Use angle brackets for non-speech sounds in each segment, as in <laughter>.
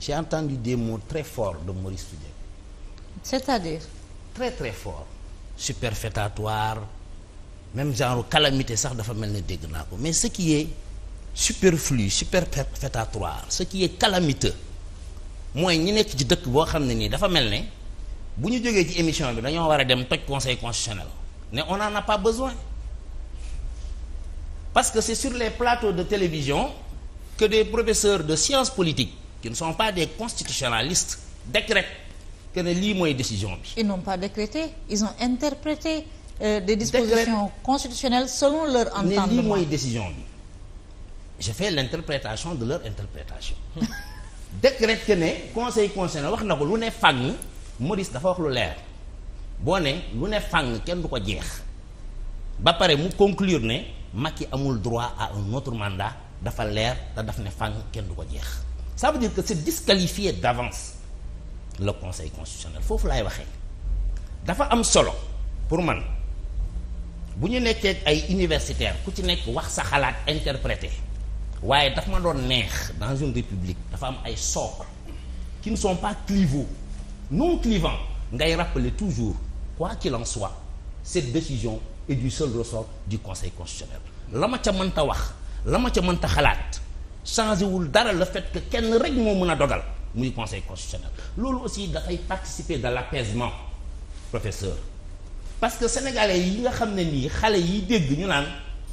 j'ai entendu des mots très forts de Maurice Soudieck. c'est-à-dire. très très fort superfétatoire même genre calamité sax dafa mel ni dégg naa ko mais ce qui est superflu superfétatoire ce qui est calamiteux mooy ñu nekk ci dëkk boo xam ne nii dafa mel ne bu ñu jógee ci émission bi dañoo war a dem toj conseil constitutionnel ne on n'en a pas besoin parce que c'est sur les plateaux de télévision que des professeurs de sciences politiques qui ne sont pas des constitutionnalistes décrètent que lii mooy décision bi. ils n'ont pas décrété ils ont interprété. Euh, des dispositions Décret... selon leur entendement ne lii mooy décision bi. je fais l'interprétation de leur interprétation. <laughs> décrète que ne conseil constitutionnel wax na ko lu ne fàng Maurice dafa wax lu leer boo ne lu ne fàng kenn du ko jeex ba pare mu conclure ne mag yi amul droit à un autre mandat dafa leer te daf ne fàng kenn du ko jeex. ça veut dire que c'est disqualifié d'avance le conseil constitutionnel foofu laay waxee dafa am solo pour man bu ñu nekkee ay universitaire ku ci nekk wax sa xalaat interprété waaye dafa ma doon neex dans une république dafa am ay socles qui ne sont pas clivaux non clivants ngay rappeler toujours quoi qu'il en soit cette décision est du seul ressort du conseil constitutionnel la ma ca mënta wax la ma ca mënta xalaat changé wul dara la fait que kenn rek moo mën a dogal muy conseil constitutionnel loolu aussi dafay participer dans l'apaisement professeur parce que sénégalais yi nga xam ne nii xale yi dégg ñu naan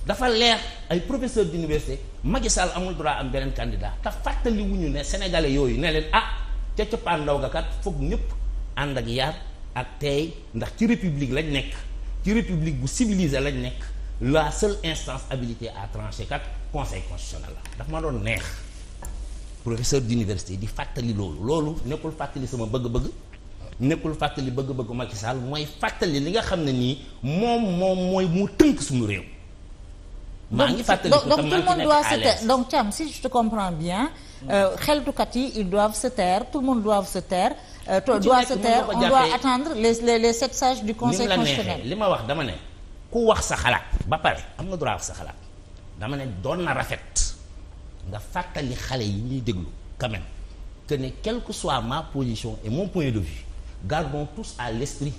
dafa leer ay professeur d'université Macky Sall amul droit am beneen candidat te fàttali wuñu ne sénégalais yooyu ne leen ah ca cëppaandaw ga kat foog ñëpp ànd ak yar ak teey ndax ci république lañ nekk ci république bu civilisée lañ nekk la seule instance habilitée à trancher kat conseil constitutionnel la daf ma doon neex professeur d'université di fàttali loolu loolu nekkul fàttali sama bëgg-bëgg nekkul fàttali bëgg-bëgg Macky Sall mooy fàttali li nga xam ne nii moom moom mooy mu tënk suñu réew maa ngi fàttali donc tout le monde doit se taire euh, xeltukat yi ils doivent se taire tout le monde doit se euh, on doit attendre les les sept du conseil constitutionnel li ma wax dama ne ku wax sa xalaat ba pare am nga droit wax sa xalaat dama ne doon na rafet nga fàttali xale yi ñuy déglu quand même que ne quelque que soit ma position et mon point de vue gardons tous à l'esprit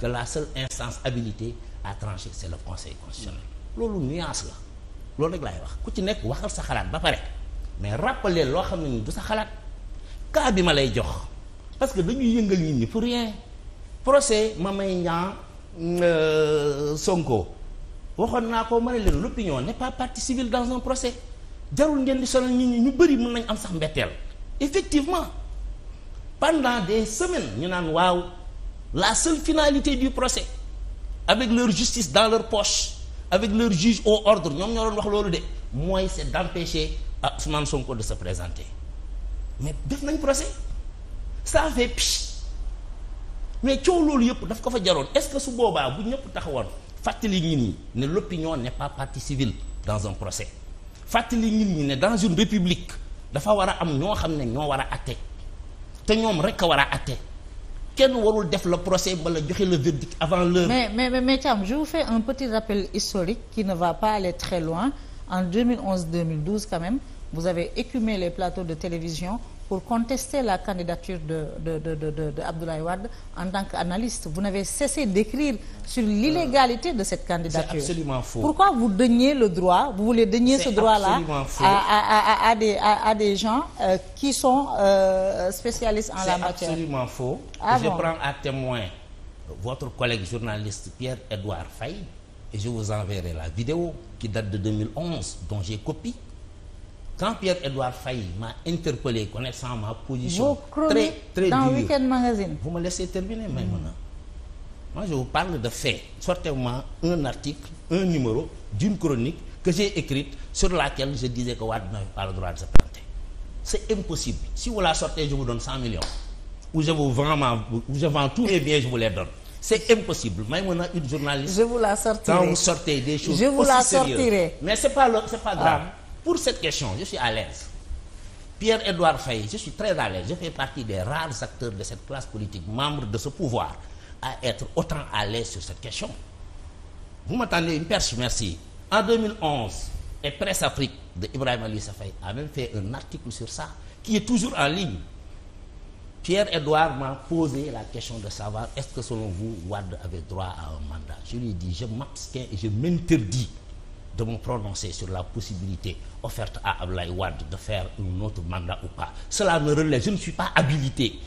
que la seule instance habilitée à trancher c'est le conseil constitutionnel loolu nuance la loolu rek laay wax ku ci nekk waxal sa xalaat ba pare mais rappeler loo xam ne ni du sa xalaat cas bi ma lay jox parce que dañuy yëngal nit ñi pour rien procès Mame Mbaye Niang euh, Sonko waxoon naa koo ma ne leen l'opinion n'est pas partie civile dans un procès jarul ngeen di sonal nit ñi ñu bëri mën nañ am sax mbetteel effectivement pendant des semaine ñu naan waaw la seule finalité du procès avec leur justice dans leur poche avec leur juge au ordre ñoom ñoo doon wax loolu de mooy c'est d'empêcher à Ousmane Sonko de se présenter mais def nañ procès ça fait picc mais coow loolu yëpp daf ko fa jaroon est-ce que su boobaa bu ñëpp taxawoon fàttali nit ñi ne l'opinion ne pas partie civile dans un procès fàttali nit ñi ne dans une république dafa war a am ñoo xam ne ñoo war a atte te ñoom rek a war a atte kenn warul def le procès wala joxe la verdict avant l'heure mais mais mais, mais Thiam je vous fais un petit rappel historique qui ne va pas aller très loin en 2011 2012 vous avez écumé les plateaux de télévision pour contester la candidature de de de de de, en tant qu'analyste vous n'avez cessé d'écrire sur euh, l'illégalité de cette candidature. C'est absolument faux. Pourquoi vous donniez le droit vous voulez donner ce droit-là à, à à à des à, à gens euh, qui sont euh, spécialistes en la matière. C'est ah Je prends à témoin votre collègue journaliste Pierre-Édouard Faye et je vous enverrai la vidéo qui date de dont j'ai copié quand Pierre-Edouard Faye m'a interpellé connaissant ma position très très dans Weekend Magazine vous me laissez terminer Maïmouna moi je parle de faits sortez-moi un article un numéro d'une chronique que j'ai écrite sur laquelle je disais que Wade n'avait pas le droit de se planter c'est impossible si vous la sortez je vous donne 100 millions ou je vous vends ma ou je vends tous mes biens je vous les donne c'est impossible Maïmouna une journaliste je vous la sortirai quand vous sortez pour cette question je suis à l'aise Pierre-Édouard Faye je suis très à l'aise je fais partie des rares acteurs de cette classe politique membre de ce pouvoir à être autant à l'aise sur cette question vous m'attendez une perche merci en Presse Afrique de Ibrahima Lissa Faye a même fait un article sur ça qui est toujours en ligne Pierre-Édouard m'a posé la question de savoir est-ce que selon vous Wade droit à un mandat je lui ai je m'interdis de me prononcer sur la possibilité offerte à Abdoulaye Wade de faire un autre mandat ou pas cela ne relève je ne suis pas habilité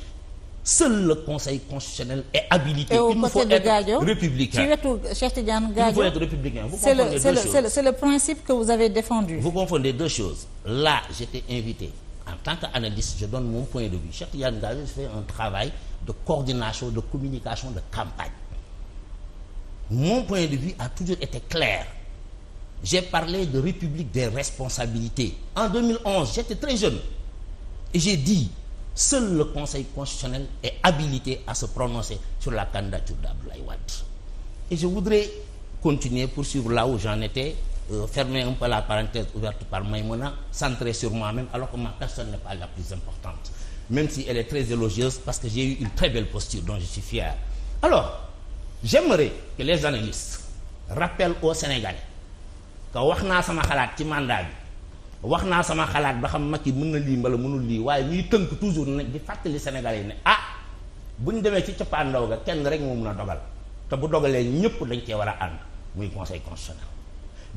seul le conseil constitutionnel est habilité. il nous faut être Gadio, républicain ci wetu Cheikh Tidiane Gadio il faut être c'est le principe que vous avez défendu. vous confondez deux choses là j'étais invité en tant qu'analyste je donne mon point de vue Cheikh Tidiane Gadio fait un travail de coordination de communication de campagne mon point de vue a toujours été j'ai parlé de république des responsabilités en 2011 j'étais très jeune et j'ai dit seul le conseil constitutionnel est habilité à se prononcer sur la candidature d'Abdoulaye Wade et je voudrais continuer poursuivre là où j'en étais euh, fermer un peu la parenthèse ouverte par Maïmouna centrer sur moi-même alors que ma personne n'est pas la plus importante même si elle est très élogieuse parce que j'ai eu une très belle posture dont je suis fier alors j'aimerais que les analystes te wax naa sama xalaat ci mandat bi wax naa sama xalaat ba xam Macky mun na lii mbala mënul lii waaye muy tënk toujours nag di fàttali Sénégalais yi ne ah bu ñu demee ci cappaandaw ga kenn rek moo mun a dogal te bu dogalee ñëpp dañ cee war a ànd muy conseil constitutionnel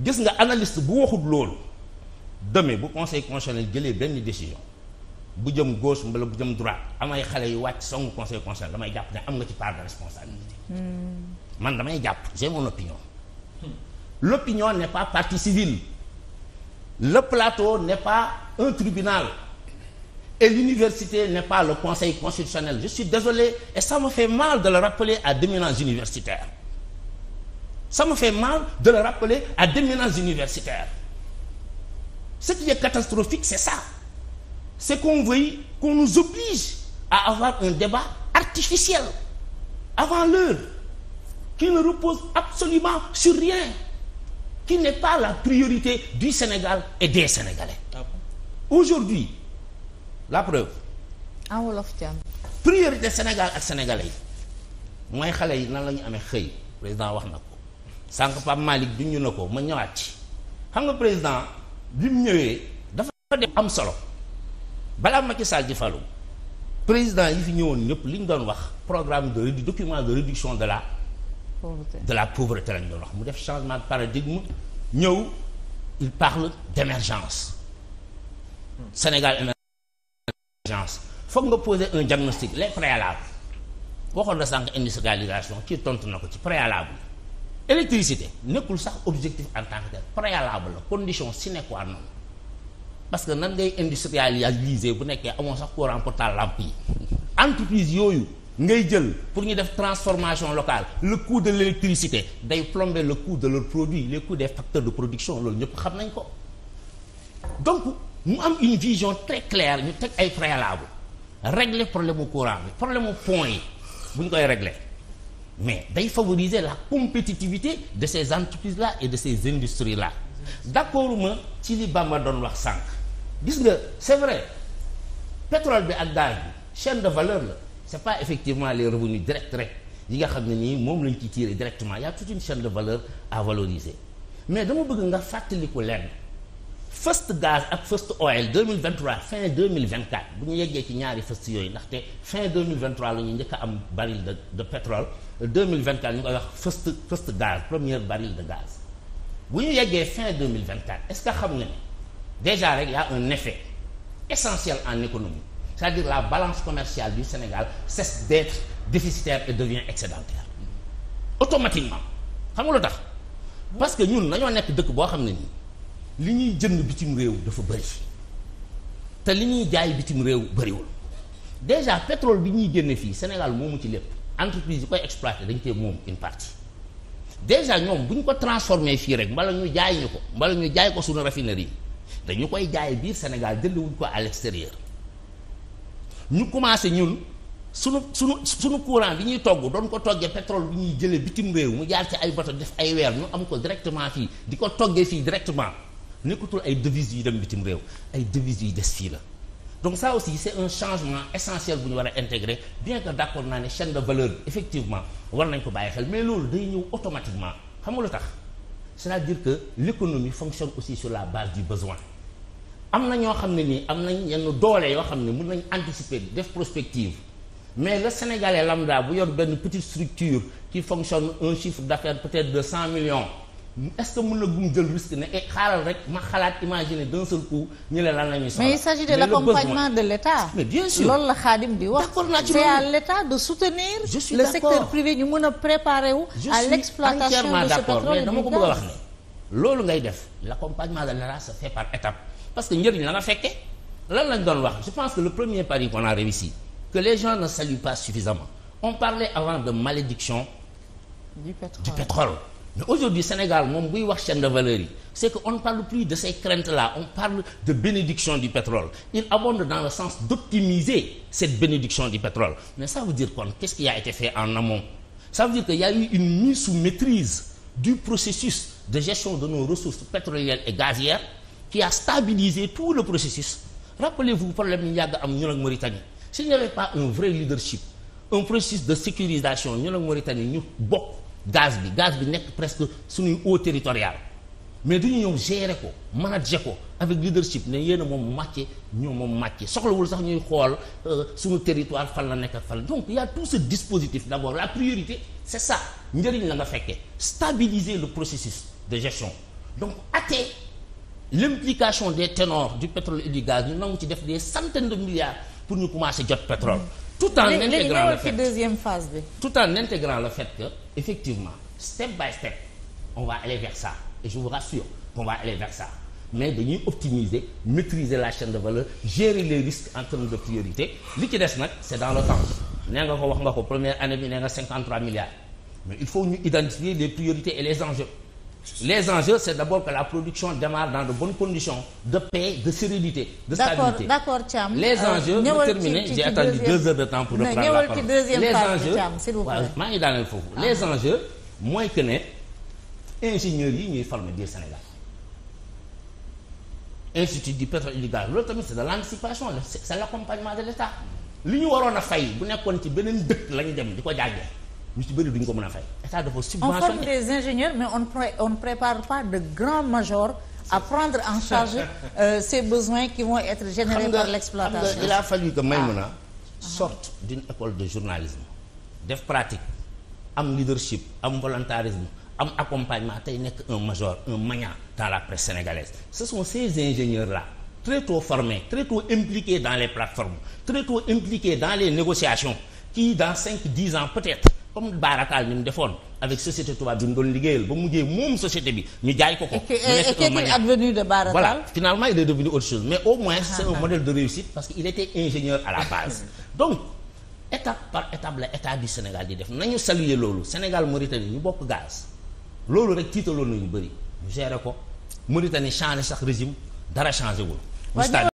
gis nga analyste bu waxut loolu demee bu conseil constitutionnel jëlee benn décision bu jëm gauche mbala bu jëm droite amay xale yu wàcc songu conseil constitutionnel damay jàpp ne am nga ci part de responsabilité. Hmm. man l'opinion n'est pas partie civile le plateau n'est pas un tribunal et l'université n'est pas le conseil constitutionnel je suis désolé et ça me fait mal de le rappeler à d'éminents universitaires ça me fait mal de le rappeler à d'éminents universitaire ce qui est catastrophique c'est ça c'est qu'on veuille qu'on nous oblige à avoir un débat artificiel avant l'heure qui ne repose absolument sur rien qui ne pas la priorité du Sénégal et des Sénégalais. Ah bon. aujourd'hui la preuve. en wolof Thiam. priorité Sénégal ak sénégalais yi mooy xale yi nan la ñu amee xëy président wax na ko sànq Pape Malick duñu na ko ma ñëwaat ci xam nga président bi mu ñëwee dafa dem am solo balaa Macky Sall di falu président yi fi ñëwoon ñëpp li ñu doon wax programme de document de réduction de la. pauvreté de la pauvreté lañ doon wax mu def changement de paradigme ñëw il parle d' émergence. Sénégal émergence foog nga poser un diagnostic les préalables waxoon na sànq industrialisation ci tontu na ko ci préalable électricité nekkul sax objectif en tant que tel préalable la condition sine qua non parce que nan ngay industrialiser bu nekkee amoon sax courant pour taal yi <laughs> entreprise yooyu. ngay jël pour ñu def transformation locale le coût de l'électricité day plomber le coût de leurs produits les coûts des facteurs de production loolu ñëpp xam nañ ko donc mu am une vision très claire ñu teg ay préalable régler problème mu courant bi problème mu pont yi buñ koy régler mais day favoriser la compétitivité de ces entreprise la et de ces industries là d'accord ma ci li Bamba doon wax sànq gis nga c'est vrai pétrole bi ak daal bi chaîne de valeur la c'est pas effectivement les revenus directs rek yi nga xam ne nii moom lañ ci tirer directement y a toute une chaîne de valeur à valoriser mais dama bëgg nga fàttaliku lenn first gaz ak first oil 2023 fin 2024 bu ñu yeggee ci ñaari first yooyu ndaxte fin 2023 la ñu njëkk am baril de de pétrole 2024 ñu koy wax first first gaz première baril de gaz bu ñu yeggee fin 2024 est-ce que xam nga ne déjà rek y a un effet essentiel en économie cest dire la balance commerciale bi Sénégal cesse d'être déficitaire et devient excédentaire automatiquement xam nga lu tax parce que ñun dañoo nekk dëkk boo xam ne nii li ñuy jënd bitim réew dafa bëri te li ñuy jaay bitim réew bëriwul déjà pétrole bi ñuy génne fii Sénégal moomu ci lépp entreprise yi koy exploité moom une partie déjà ñoom bu ñu ko transformé fii rek mbala ñu jaay ñu ko mbala ñu jaay ko suñu raffinerie yi dañu koy jaay biir Sénégal jënd wuñ ko à l'extérieur ñu commencé ñun sunu sunu sunu courant bi ñuy togg doon ko toggee petrole bi ñuy jëlee bitim réew mu jaar ci ay bato def ay weer ñu am ko directement fii di ko toggee fii directement nekkatul ay devises yu dem bitim réew ay devises yuy des fii la. donc ça aussi c'est un changement essentiel bu ñu war a intégrer bien que d'accord naa ne chaîne de valeur effectivement war nañ ko bàyyi xel mais loolu day ñëw automatiquement xam nga lu tax c'est-à-dire que l'économie fonctionne aussi sur la base du besoin. am na ñoo xam ne nii am nañ yenn doole yoo xam ne mën nañ anticiper def prospective mais le sénégalais lambda bu yor benn petite structure qui fonctionne un chiffre d'affaires peut-être de cent millions est-ce que mën na gum jël risque ne eh, xaaral rek ma xalaat imaginer d'un seul coup ñu ne la ñuy soxla mais il s'agit de l'accompagnement de l'État mais bien sûr la Khadim di wax d'accord l'État de soutenir je le secteur privé ñu mën a préparer wu à l'exploitation de ce pétrole dama ko loolu ngay def l'accompagnement de l'État se fait par étapes parce que njëriñ la la fekke lan lañ doon wax je pense que le premier pari qu'on a réussi que les gens ne saluent pas suffisamment on parlait avant de malédiction du pétrole, mais aujourd'hui Sénégal moom buy wax chaîne de valeur y c'est que on ne parle plus de ces craintes là on parle de bénédiction du pétrole il abonde dans le sens d'optimiser cette bénédiction du pétrole mais ça veut dire quoi qu'est-ce qui a été fait en amont ça veut dire que de gestion de nos ressources pétrolières et gazières qui a stabilisé tout le processus rappelez-vous problème yi yàgg am ñun ak Mauritanie s'il n'y avait pas un vrai leadership un processus de sécurisation ñun ak Mauritanie ñu bokk gaz bi gaz bi nekk presque suñuy eau territoriale mais du ñu ñëw gérer ko a ko avec leadership ne yéen a moom màcce ñoo moom màcce soxlawul sax ñuy xool su euh, suñu territoire fan la nekk ak fan donc y a tout ce dispositif d'abord la priorité c'est ça njëriñ la nga fekkee stabiliser le processus de gestion l'implication des ténors du pétrole et du gaz ñu nangu ci def des centaines de milliards pour ñu commencer jot pétrole. Mm-hmm. tout en intégrant le fait deuxième phase bi. tout en que effectivement step by step on va aller vers ça et je vous rassure qu'on va aller vers ça mais dañuy optimiser maîtriser la chaîne de valeur gérer les risques en termes de priorité li ci des nag c'est dans le temps nee nga ko wax nga ko première année bi nee nga 53 milliards mais il faut ñu identifier les les enjeux c'est d'abord que la production démarre dans de bonnes conditions de paix de sérénité de stabilité d'accord Thiam les euh, enjeux pour terminer deux heures de temps pour reprendre la parole les enjeux maa ngi daaneel foofu les ah. enjeux mooy que ne ingénieurs yi ñuy former biir Sénégal institut di pétrole et du gaz loolu tamit c'est de l'anticipation c'est l'accompagnement de l'État li ñu waroon a fay bu nekkoon ci beneen dëkk la ñu dem di ko jàngee ñu ci bëri duñ ko mën a fay état dafa subventionné. on forme des ingénieurs mais on pré on ne prépare pas de grands majors à prendre en charge euh, ces besoins qui vont être générés par l'exploitation. il a fallu que Maïmouna ah. sorte d'une école de journalisme def pratique am leadership am volontarisme am accompagnement tey nekk un major un magnat dans la presse sénégalaise ce sont ces ingénieurs là très tôt formés très tôt impliqués dans les plateformes très tôt impliqués dans les négociations qui peut-être comme baarataal ni mu defoon avec société tubaab bi mu doon liggéeyal ba mujjee moom société bi ñu jaay ko ko. mu nekk advenu de baarataal voilà finalement il est devenu autre chose mais au moins. Ah, c'est ah. modèle de réussite parce que il était ingénieur à la base. <laughs> donc étape par étape la état du Sénégal di def nañu saluer loolu Sénégal Mauritanie ñu bokk gaz loolu rek tiitaloon nañu bëri ñu ko Mauritanie changé sax régime dara changé wul.